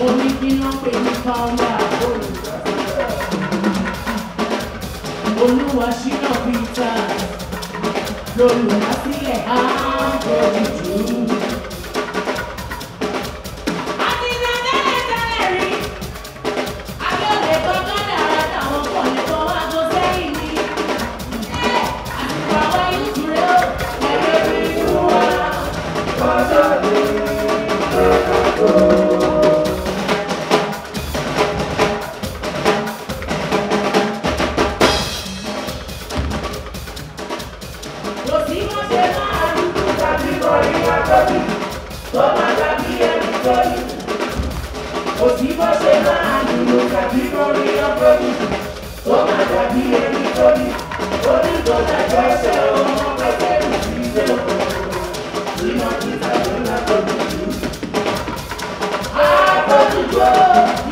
Omi kíná pé ní kọ́ńdà. Olúwa ṣínà Peter lolùdásílẹ̀ á bẹ̀rẹ̀ jù ú. sórí tó má gbà bí ẹni sórí nunca vi bó ṣe máa lùlù tàbí lórí ọgọ́rì tó má gbà bí ẹni sórí orí tó dájọ́ ẹsẹ̀ ọmọ pẹ̀lẹ́ ìdílé ìmọ̀ títà ló ń lápò tuntun. àpò tuntun.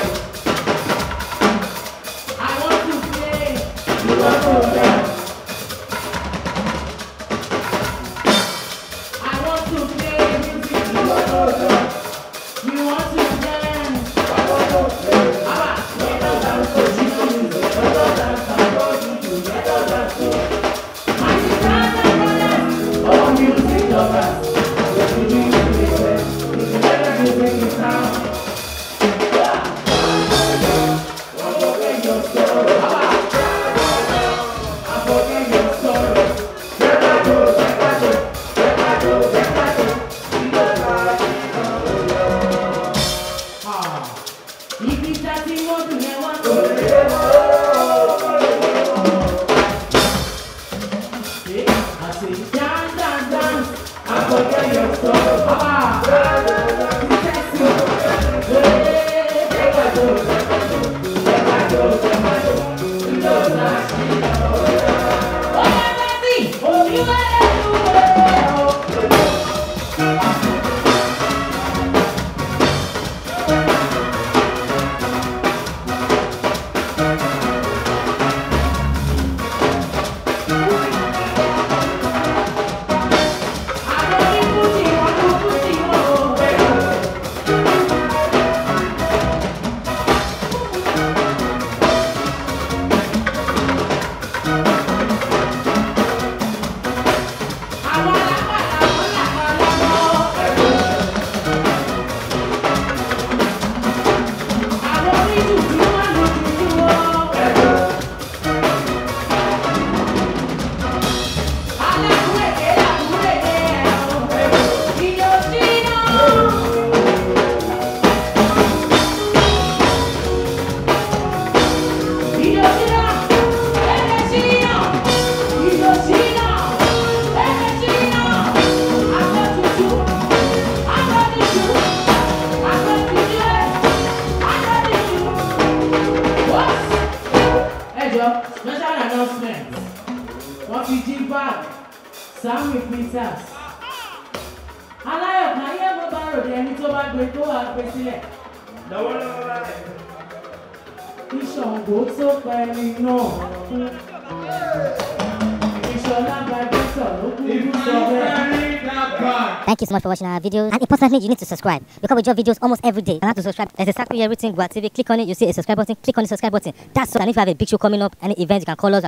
I forget your story. Ah! Thank you. Ọ̀yọ́ special announcement wọ́n fi jí bag Samuel Peters aláyọ̀ káyé mo bá ròde ẹni tó bá gbé tó wà gbé sílẹ̀. lọ́wọ́lọ́wọ́ báyìí. ìṣàngó tó pẹ́ẹ́lí náà kú ìṣọ̀lá gbajúsọ̀ ló kú ìlú sọ bẹ́ẹ̀. Thank you so much for watching our videos. And importantly, you need to subscribe because we drop videos almost every day. And have to subscribe? There's exactly everything. Gua TV. Click on it. You see a subscribe button. Click on the subscribe button. That's all. And if you have a big show coming up, any event, you can call us.